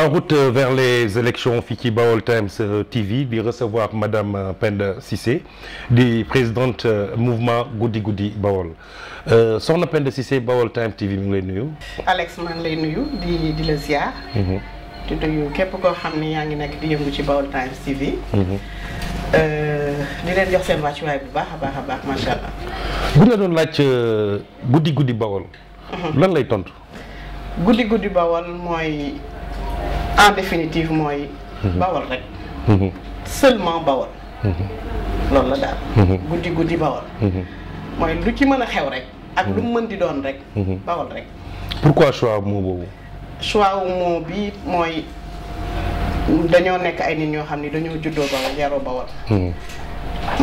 en route euh, vers les élections fii ci Baol Times euh, TV di recevoir madame euh, Penda Cissé di présidente mouvement guddi guddi Baol soxna Penda Cissé Baol Times TV mi ngi lay nuyu. Alex maa lay nuyu di di la ziar. Mhm. di nuyu képp koo xam ne yaa ngi nekk di yëngu ci Baol Times TV. Mhm. di leen jox seen wàccuwaay bu baax a baax a baax macha allah. la doon guddi guddi Baol. Mhm. lan lay tontu. mooy. en ah, définitive mooy. Mhm. bawal rek. Mhm. seulement bawal. Mhm. loolu la daal. guddi guddi bawal. mooy lu ci mën a xew rek. ak lu mu mën di doon rek. bawal rek. pourquoi choix moo boobu. choix wu moo bii mooy dañoo nekk ay nit ñoo xam ni dañoo juddoo bawal yaroo bawal.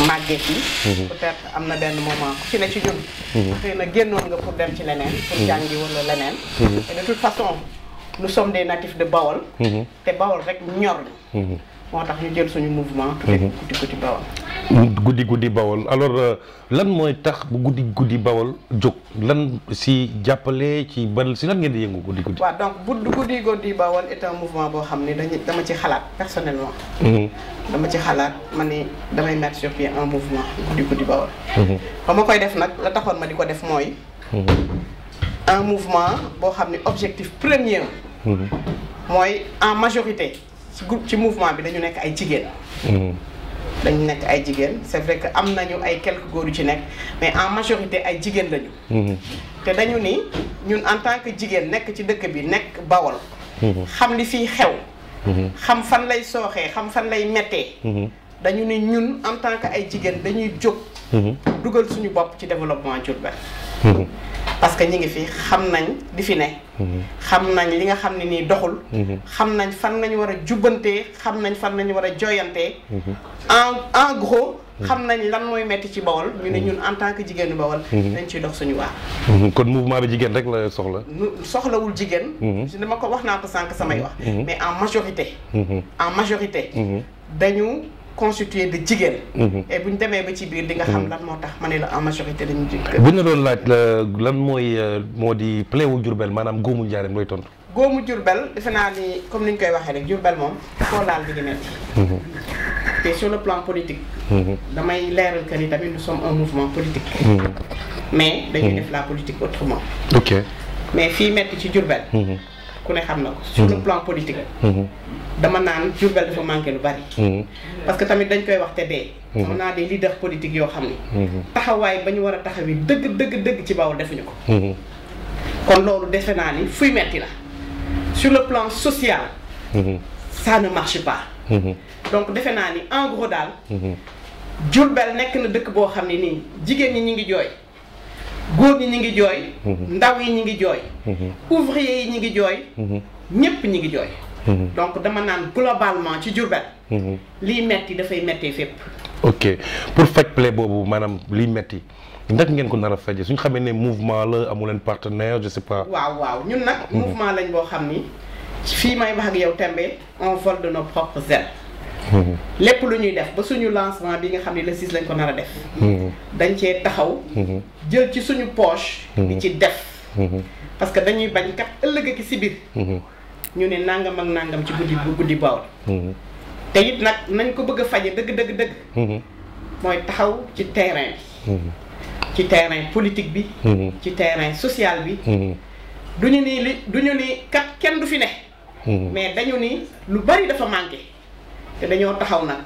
màggee yi peut-être am na benn moment ku ci ne ci ñun. xëy na génnoon nga pour dem ci leneen. pour jàngi wala leneen. de toute façon. nous sommes des natifs de Bawol. Mhm. te Bawol rek ñor la. Mhm. moo tax ñu jël suñu mouvement. Mhm. tuddee guddi guddi Bawol. guddi guddi Bawol alors euh, lan mooy tax bu guddi guddi Bawol jóg lan si jàppale ci ban si lan ngeen di yëngu guddi guddi. waaw donc bu guddi guddi Bawol boo xam ne dañu dama ci xalaat personnellement. dama ci xalaat ma ni damay mettre sur pied un mouvement guddi guddi Bawol. ba ma koy def nag la taxoon ma di ko def mooy. un mouvement boo xam ne objectif premier. mooy en majorité ci groupe ci mouvement bi dañu nekk ay jigéen. Hmm. dañu nekk ay jigéen c'est vrai que am nañu ay quelques góor yu ci nekk mais en majorité ay jigéen lañu. Hmm. te dañu ni ñun en tant que jigéen nekk ci dëkk bi nekk Bawol. Hmm. xam li fii xew. xam fan lay sooxee xam fan lay mettee. dañu ni ñun en tant que ay jigéen dañuy jóg. dugal suñu bopp ci développement Diourbel. parce que ñi ngi fi xam nañ di fi ne. Mhm. xam nañ li nga xam ne nii doxul. Mhm. xam nañ fan nañ war a jubbantee xam nañ fan nañ war a jooyantee. Mhm. en en xam nañ lan mooy metti ci bawol mi ne ñun en tant que jigéenu bawol dañ ciy dox suñu waa kon mouvement bi jigéen rek la soxla soxlawul jigéen si dama ko wax naa ko sànq samay wax mais en majorité en majorité dañu constitué de jigéen. Mhm. bu ñu demee ba ci biir di nga xam mhm. lan moo tax ma ni la en majorité dañu jigéen. bu ñu doon laaj lan mooy euh, moo di pléwu Jurbel maanaam góomu njaareem looy tontu. góomu Jurbel defe naa ni comme ni ñu koy waxee ne Jurbel moom foo laal bi di metti. Mhm. te sur le plan politique. damay leeral que ni tamit nous sommes un mouvement politique. mais dañuy def la politique autrement. ok mais fii metti ci Jurbel. ku ne xam na ko. sur le mm-hmm. plan politique. Mm-hmm. dama naan Diourbel dafa manqué lu bari. Mm-hmm. parce que tamit dañ koy wax te dee. on a des leaders politiques yoo xam ni. taxawaay ba ñu war a taxawee dëgg dëgg dëgg ci Bawol ñu ko. kon loolu defe naa ni fuy metti la sur le plan social. ça ne marche pas. donc defe naa ni en daal. Diourbel nekk na dëkk boo xam ne nii jigéen ñi ñu ngi jooy. góor ñi ñu ngi jooy. Mhm. ndaw yi ñu ngi jooy. Mhm. ouvrier yi ñu ngi jooy. Mhm. ñëpp ñu ngi jooy. donc dama naan globalement ci Diourbel. liy metti dafay mettee fépp. ok pour faj plaie boobu maanaam liy metti ndax ngeen ko nar a faje suñu xamee ne mouvement la amu leen partenaire je sais pas. waaw waaw ñun nag. mouvement lañ boo xam ni fii may wax ak yow tembe on vole de nos propres ailes. lépp lu ñuy def ba suñu lancement bi nga xam ne le 6 lañ ko nar a def. dañ cee taxaw. jël ci suñu poche. di ci def. parce que dañuy bañ kat ëllëg ak si biir. ñu ne nangam ak nangam ci guddi bu guddi bawal. te it nag nañ ko bëgg a faje dëgg dëgg dëgg. mooy taxaw ci terrain bi. ci terrain politique bi. ci terrain social bi. du ñu ni li du ñu ni kat kenn du fi ne. Hmm. mais dañu ni lu bari dafa manqué. te dañoo taxaw nag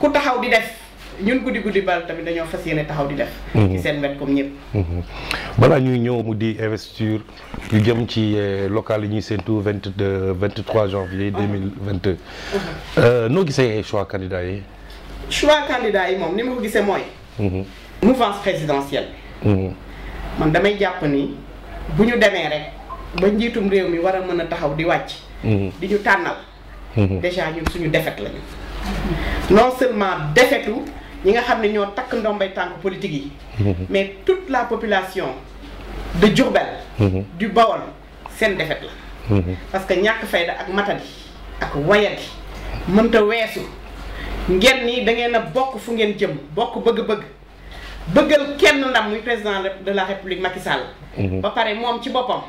ku taxaw di def ñun guddi guddi bal tamit dañoo fas yéene taxaw di def. Mhm. ci seen wet comme ñëpp. Mhm. balaa ñuy ñëw mu di investiture yu jëm ci eh, local yi ñuy séntu vingt deux vingt trois janvier ah. deux mille vingt deux. Mhm. Euh, noo gisee choix candidat yi. choix yi moom ni ma gisee mooy. mouvance présidentielle. man damay jàpp ni bu ñu demee rek ba njiitum réew mi war a mën a taxaw di wàcc. di ñu tànnal. déjà ñun suñu defet lañu. non seulement defetu ñi nga xam ne ñoo takk ndombay tànk politique yi mhm. mais toute la population de Diourbel mhm. du Bawol seen defet la mhm. parce que ñàkk fayda ak matadi ak wayadi mënta weesu ngeen ni da ngeen a bokk fu ngeen jëm bokk bëgg-bëgg bëggal kenn ndam muy président de la république Macky ba pare moom ci boppam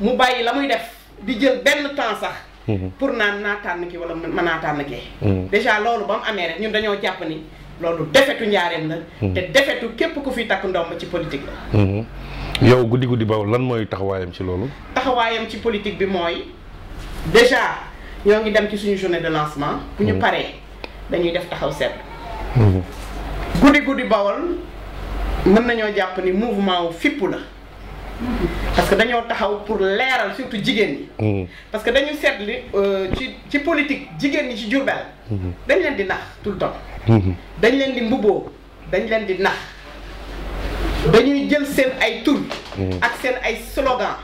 mu bàyyi la muy def di jël benn temps sax Mhm. pour naan naa tànn ki wala ma naa tànn kee mhm. dèjà loolu ba mu amee rek ñun dañoo jàpp ni loolu defetu njaareem la mhm. te defetu képp ku fi takk ma ci politique la yow guddi guddi bawul lan mooy taxawaayam ci loolu taxawaayam ci politique bi mooy dèjà ñoo ngi dem ci suñu journée de lancement ñu paree dañuy def taxaw seetlu guddi guddi bawol mën nañoo jàpp ni mouvement wu fippu la parce que dañoo taxaw pour leeral surtout jigéen ñi. Mm. parce que dañu seetli euh, ci ci politique jigéen ñi ci Jurbel mm-hmm. dañ leen di nax tout le temps. Mm-hmm. dañ leen di mbubboo dañ leen di nax dañuy jël seen ay tur. Mm-hmm. ak seen ay slogan.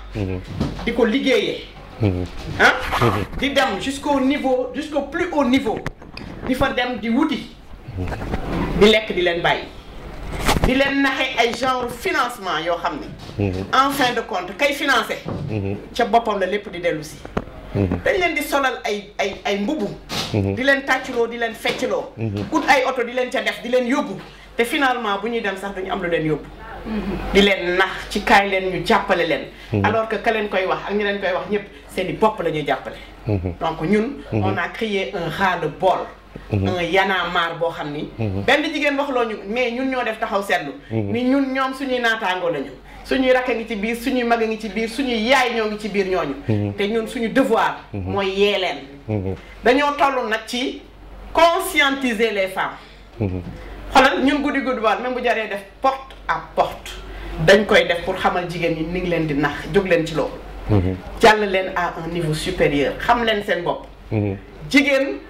di ko liggéeyee. ah. di dem jusqu'au niveau jusqu'au plus haut niveau di fa dem di wuti. di lekk di leen bàyyi. di leen naxee ay genre financement yoo xam ne. Mm-hmm. en fin de compte kay financé. Mm-hmm. ca boppam la lépp di dellusi mm-hmm. dañ leen di solal ay ay ay mbubu. di leen tàccloo di leen feccloo. ut ay oto di leen ca def di leen yóbbu te finalement bu ñuy dem sax duñu am lu leen yóbbu. di leen nax ci kaay leen ñu jàppale leen. alors que ka leen koy wax ak ñu leen koy wax ñëpp seen i bopp la ñuy jàppale. donc ñun. on a créé un ras le Mhm. un yanaamaar boo xam ni. Mhm. benn jigéen waxloo ñu mais ñun ñoo def taxaw seetlu. Mhm. ni ñun ñoom suñuy naataangoo lañu. suñuy rakk ngi ci biir suñuy mag ngi ci biir suñuy yaay ñoo ngi ci biir ñooñu. te ñun suñu devoir. mooy yee leen. dañoo toll nag ci conscientiser les femmes. xoolal ñun guddi guddi baal même bu jaree def porte à porte dañ koy def pour xamal jigéen ñi ni ngi leen di nax jóg leen ci loolu. jàll leen à un niveau supérieur xam leen seen bopp. jigéen.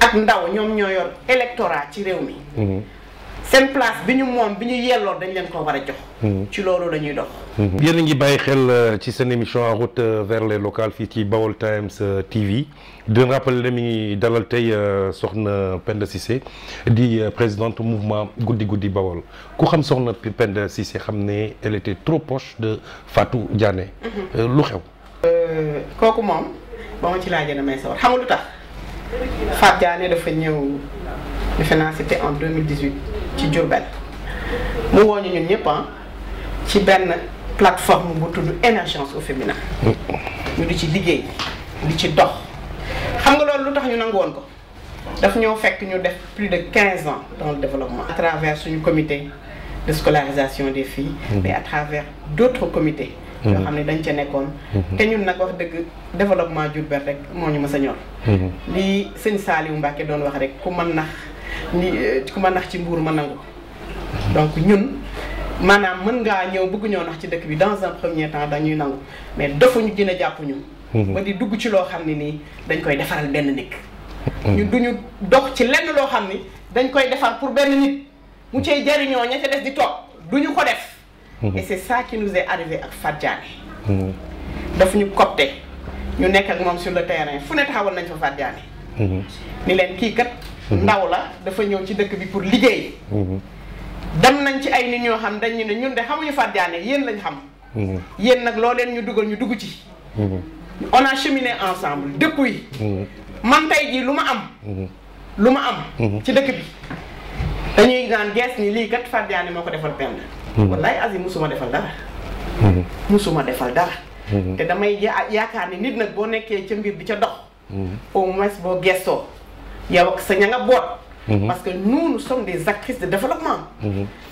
ak ndaw ñoom ñoo yor électorat ci réew mi mhm. seen place bi ñu moom bi ñu yelloo dañ leen ko war a jox mhm. ci loolu la dox mhm. yéen ngi bàyyi xel euh, ci seen émission en route euh, vers les locales fii ci Baol Times euh, TV di leen rappelé ne mi ngi dalal tey soxna pende Cissé di présidente mouvement guddi guddi Baol ku xam soxna Penda Cissé xam ne elle était trop proche de Fatou Diané lu xew kooku moom ba ma ci laajee damay sawar xamul lu tax Fatiane dafa ñëw defe naa c'était en 2018 ci Diourbel mu wooñu ñun ñëpp ah, ci benn plateforme bu tudd émergence au féminin ñu di ci liggéey di ci dox xam nga loolu lu tax ñu nangu ko dafa ñoo fekk ñu def plus de quinze ans dans le développement à travers suñu comité de scolarisation des fii mmh. mais à travers d'autres comités Mm-hmm. yoo xam ne dañ ca nekkoon mm-hmm. te ñun nag wax dëgg développement Diourbel rek moo ñu ma a ñor mm-hmm. li sëñ Saliou Mbacke doon wax rek ku mën nax ni eh, ku mën nax ci mbuur ma nangu donc ñun maanaam mën ngaa ñëw bëgg ñoo nax ci dëkk bi dans un premier temps dañuy nangu mais dafuñu gën a jàpp ñu ba di dugg ci loo xam ne nii dañ koy defaral benn nit ñu duñu dox ci lenn loo xam ni dañ koy defar pour benn nit mu cay jariñoo ña ca des di toog duñu ko def Mhm. et c' est ça qui nous est ak Fatou Diané. Mhm. ñu copte ñu nekk ak moom sur le terrain fu ne taxawal nañ fa Fatou mhm. ni leen kii kat. ndaw la dafa ñëw ci dëkk bi pour liggéey. dem nañ ci ay nit ñoo xam dañ ñu ne ñun de xamuñu Fatou Diané yéen lañ xam. yéen nag loo leen ñu dugal ñu dugg ci. on a cheminé ensemble depuis. man tey jii lu ma am. lu ma am. ci dëkk bi dañuy naan gees ni lii kat Fatou Diané moo ko defal benn. Hmm. wallaay Azim musuma defal dara. Hmm. musuma defal dara. Hmm. te damay yaakaar ni nit nag boo nekkee ca mbir bi ca dox. au moins boo gestoo yow ak sa ña nga boot. parce que nous nous sommes des actrices de développement.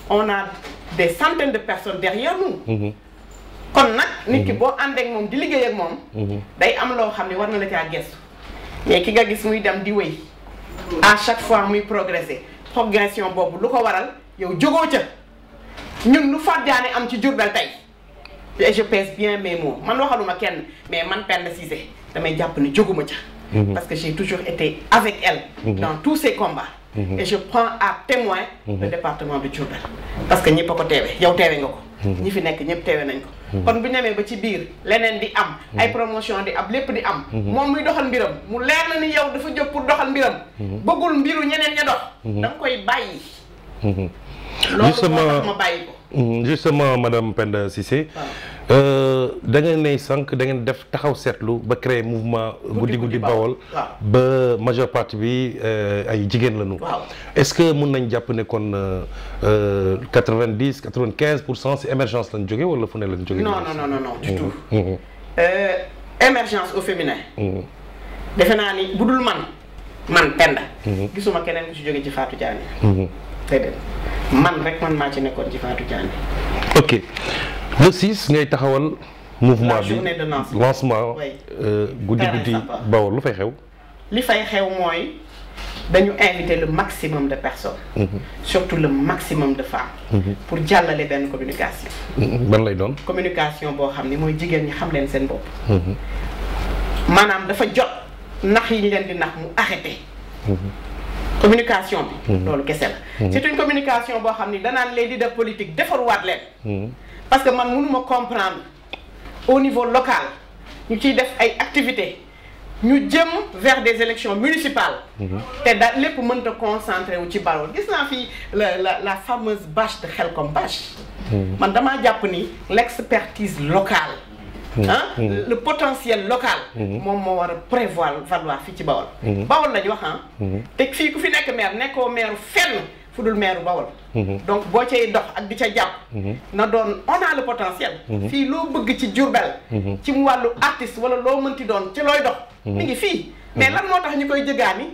on a des centaines de personnes derrière nous. kon nag nit ki boo àndeek moom di liggéey ak moom. day am loo xam ne war na la caa gestu. mais ki nga gis muy dem di wéy à chaque fois muy progresser progression boobu lu ko waral yow jógoo ca. ñun lu foddaane am ci Diourbel tey et je pèse bien mais mots man waxaluma kenn mais man Penda Cissé damay jàpp ne jóguma ca mhm. parce que j'ai toujours été avec elle mhm. dans tous ces combats mhm. et je prends à témoin le département de Diourbel parce que ñëpp ko teewe yow teewe nga ko ñi fi nekk ñëpp teewe nañ ko kon bu ñu ba ci biir leneen di am ay promotion di am lépp di am moom muy doxal mbiram mu leer na ni yow dafa jóg pour doxal mbiram bëggul mbiru ñeneen ña dox da nga koy Mm-hmm. justement madame Penda Cissé ah. euh, da ngeen ne sànq da ngeen def taxaw seetlu ba créer mouvement guddi guddi Bawol ah. ba majeure partie bi euh, ay jigéen lañu est-ce que mun nañ jàpp ne kon euh, quatre-vingt-dix quatre-vingt-quinze pour cent si émergence lañ jóge wala fu ne lañ jóge non non non non du mm-hmm. tout mm-hmm. émergence au féminin defe naa ni bu dul man man Penda gisuma keneen ku ci ci Fatou Diagne man rek man maa ci nekkoon ci Fatou Diagne. ok le 6 ngay taxawal. mouvement bi lancement guddi euh, guddi Bawol lu fay xew. li fay xew mooy dañu invité le maximum de personnes. Mhm. surtout le maximum de femmes. Mm pour jàllale benn communication. Mhm. ban lay doon. communication boo xam ni mooy jigéen ñi xam leen seen bopp. Mhm. maanaam dafa jot nax yi ñu leen di nax mu arrêté. communication bi. Hmm. loolu kese la. Hmm. c'est une communication boo xam ni danaan les leaders politiques defaruwaat leen. Hmm. parce que man mënuma comprendre au niveau local ñu ciy def ay activités ñu jëm vers des élections municipales. te da lépp mënta concentré wu ci Barro gis naa fi la la la fameuse de Xelkom bâche. man dama jàpp ni l'expertise local ah le potentiel local mm. moom moo war a prévoir valoir fii ci Bawol mm. Bawol lañu wax ah te fii ku fi nekk maire nekkoo maire fenn fu dul maire Bawol mm-hmm. donc boo cay dox ak di ca jàpp mm-hmm. na doon on a le potentiel mm-hmm. fii loo bëgg ci Jurbel ci mu wàllu artiste wala loo mënti doon ci looy dox mi ngi fii mais lan moo tax ñu koy jëgaani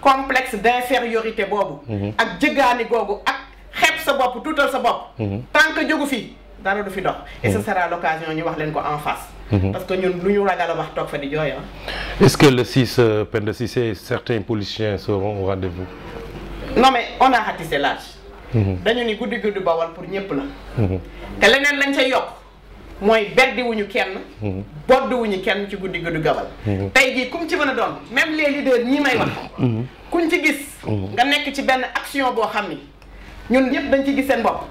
complexe d'infériorité boobu ak jëgaani googu ak xeeb sa bopp tuutal sa bopp tant que jógu fii dara du fi dox. et ce mm-hmm. sera ñu wax leen ko en face. Mm-hmm. parce que ñun lu ñu ragal a wax toog fa di jooy est-ce que le 6 euh, Penda Cissé certains politiciens seront au rendez-vous. non mais on a ratissé large. Mm-hmm. dañu ni guddi guddi bawal pour ñëpp la. te leneen lañ ca yokk mooy beddiwuñu kenn. boddiwuñu kenn ci guddi guddi gawal. tey jii kum ci mën a doon même les leaders ñii may wax. kuñ ci gis. nga nekk ci benn action boo xam ni ñun ñëpp dañ ci gis seen bopp.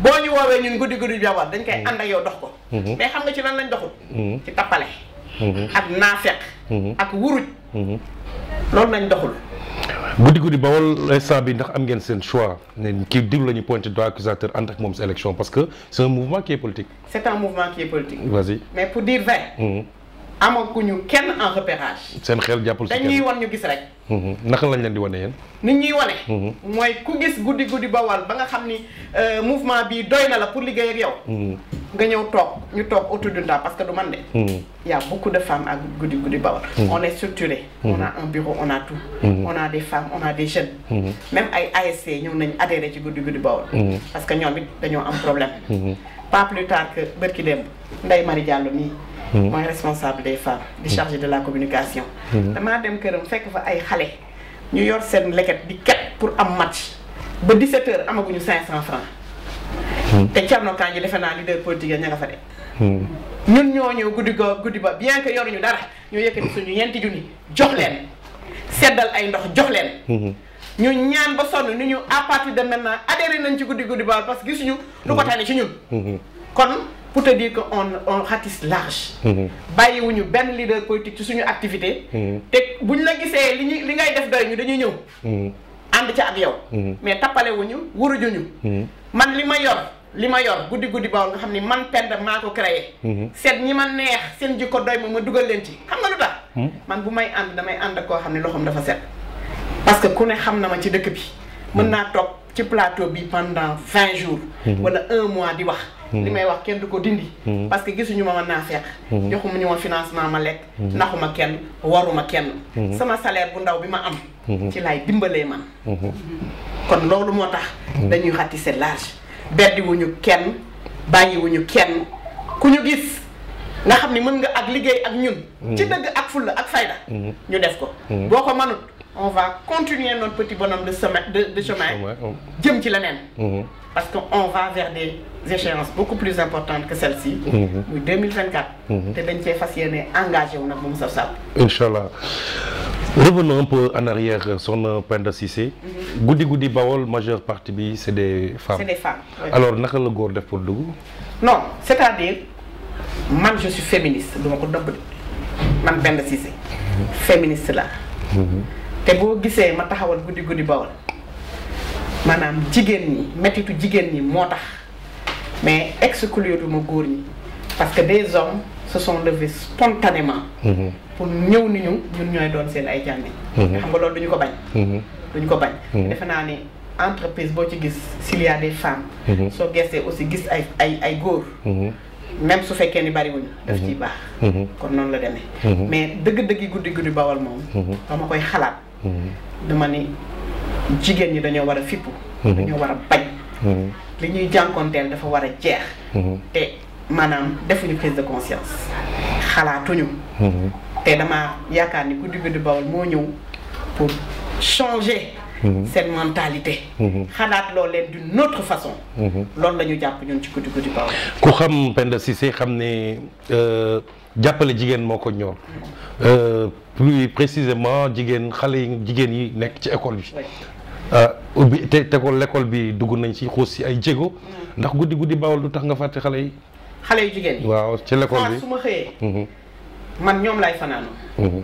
boo ñu woowee ñun guddi guddi jabar dañ koy mm-hmm. ànd ak yow dox ko mm-hmm. mais xam nga ci lan lañ doxul mm-hmm. ci tappale ak naafeq ak wuruj loolu lañ doxul guddi guddi ba instant bi ndax am ngeen seen choix ne kii diw la ñu pointé doigt accusateur ànd ak moom sa élection parce que c'est un mouvement qui est politique c'est un mouvement qui est politique vas mais pour dire vrai ñu kenn en repérage. seen xel jàppul si kenn dañuy wan ñu gis rek. Mhm. ndax lañ leen di wane yéen. nit ñuy wane. Mhm. mooy ku gis guddi guddi ba war ba nga xam ni euh, mouvement bi doy na la pour liggéey yow. Mhm. nga ñëw toog ñu toog autour du parce que du man de. y' a beaucoup de femmes ak guddi guddi bawal. on est structuré. on a un bureau on a tout. on a des femmes on a des jeunes. même ay ASC ñëw nañ adhéré ci guddi guddi bawal. parce que ñoom it dañoo am problème. pas plus tard que bërki démb Ndeye Marie Hmm. mooy responsable des femmes di hmm. chargé de la communication hmm. damaa dem këram fekk fa ay xale ñu yor seen leket di ket pour am match ba di heures amaguñu cinq cent francs te Thierno ñi defe naa leader politique ña nga fa de ñun ñoo ñëw guddi go guddi ba bien que yoruñu dara ñoo yëkkati suñu ñeenti ju jox leen seddal ay ndox jox leen ñu ñaan ba sonn ni ñu à partir de maintenant adhéré nañ ci guddi guddi ba parce que gisuñu lu ko tane ci ñun kon pour te dire que on on ratisse large. Mhm. bàyyiwuñu benn leader politique ci suñu activité. Mhm. te bu ñu la gisee li li ngay def doy ñu dañuy ñëw. Mhm. ànd ci ak yow. mais tappalewuñu wurujuñu man li ma yor li ma yor guddi guddi bawol nga xam ni man pend maa ko créé. seet ñi ma neex seen jikko doy ma ma dugal leen ci xam nga lu tax. man bu may ànd damay ànd ak koo xam ne loxoom dafa set. parce que ku ne xam na ma ci dëkk bi mën naa toog. ci plateau bi pendant vingt jours. Mhm. wala un mois di wax. Mhm. li may wax kenn du ko dindi. Mhm. parce que gisuñu ma mën naa fekk. joxu ñu ma financement ma lekk. naxuma kenn waruma kenn. sama salaire bu ndaw bi ma am. ci laay dimbalee man. kon loolu moo tax. dañuy ratisser large. beddiwuñu kenn bàyyiwuñu kenn ku ñu gis nga xam ni mën nga ak liggéey ak ñun. ci dëgg ak fulla ak fayda. ñu def ko boo ko mënut. on va continuer notre petit bonhomme de chemin de, de chemin oh. jëm ci leneen mm-hmm. parce que on va vers des échéances beaucoup plus importantes que celle-ci mm-hmm. mm-hmm. te dañ cee fas yéene engagé wu nag moom saf sàpp incha allah revenons un peu en arrière soxna Penda Cissé guddi guddi Bawol majeure parti bi c'est des femmes c'est des alors naka la góor def pour dugg non c'est-à-dire man je suis féministe duma ko dëbb man Penda Cissé féministe la te boo gisee ma taxawal guddi guddi bawal maanaam jigéen ñi métitu jigéen ñi moo tax mais exclure ma góor ñi parce que des hommes se sont levés spontanément mhm. pour ñëw ni ñu ñun ñooy doon seen ay jànni mhm. xam nga loolu duñu ko bañ mhm. duñu ko bañ defe naa ni entreprise boo ci gis s'il y a des soo gestee aussi gis ay ay góor même su fekkee ni bariwuñ daf ciy baax kon noonu la demee mais dëgg-dëggi guddi guddi bawal moom dama koy xalaat dama ni jigéen ñi dañoo war a fippu. Mhm. dañoo war a bañ. Mhm. li ñuy jànkoonteel dafa war a jeex. Mhm. te maanaam defuñu prise de conscience xalaatuñu. te damaa yaakaar ni guddi guddi bawol moo ñëw pour changer. seen mentalité. xalaat loo leen d'une autre façon. loolu la ñu jàpp ñun ci guddi guddi bawol. ku xam Penda Cissé xam ne. Euh, jàppale jigéen moo ko ñor euh, plus précisément jigéen xale yi jigéen yi nekk ci école bi euh, ubbi te te ko l'école bi dugg nañ ci xuus si ay jéego mm. ndax guddi guddi bawal lu tax nga fàtte xale yi xale yu waaw ci l'école bi su xëyee mm-hmm. man ñoom laay fanaanu mm-hmm.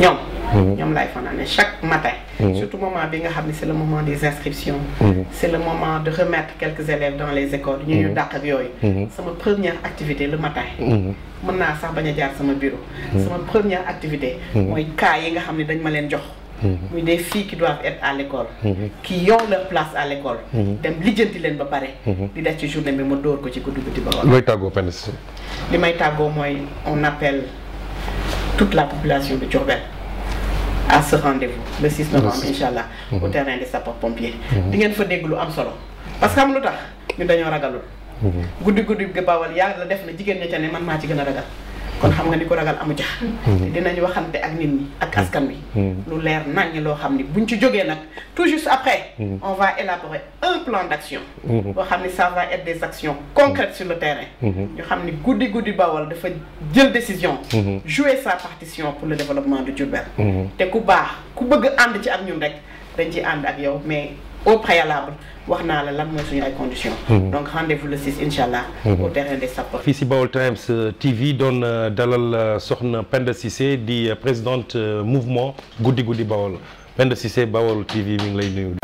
ñoom Mhm. ñoom laay fanaane chaque matin mhm. surtout moment bi nga xam ne c'est le moment des inscriptions mhm. c'est le moment de remettre quelques élèves dans les écoles ñu ñu dàq ak yooyu sama première activité le matin mën naa sax bañ a jaar sama bureau sama première activité mooy cas yi nga xam ne dañ ma leen jox muy des filles qui doivent être à l'école qui ont leur place à l'école dem lijjanti leen ba pare di def ci journée bi ma dóor ko ci guddi guddi ba li may tàggoo Penda li may tàggoo mooy on appelle toute la population de à ce rendez-vous le 6 novembre incha allah. Mhm. terrain des sapeurs pompiers. Mhm. di ngeen fa dégg lu am solo parce que am lu tax ñu dañoo ragalul. Mhm. guddi guddi ga bawal yàlla def na jigéen ña ca ne man maa ci gën a ragal. kon xam nga ni ko ragal amu jax te hmm. dinañ waxante ak nit ñi ak hmm. askan bi hmm. lu leer naññ loo xam ni ñu ci jógee nag tout juste après on va élaborer un plan d'action boo xam ni ça va des actions concrètes sur le terrain ñu xam ni guddi guddi bawal dafa jël décision jouer sa partition pour le développement de Diourbel te ku baax ku bëgg ànd ci ak ñun rek dañ ci ànd ak yow mais au préalable wax naa la lan mooy suñu ay conditions. Hmm. donc rendez-vous le 6 incha allah. Hmm. au terrain des sapeurs. fii si Baol Times euh, TV doon euh, dalal euh, soxna Penda Cissé di présidente mouvement guddi guddi Baol Penda Cissé Baol TV mi ngi lay nuyu.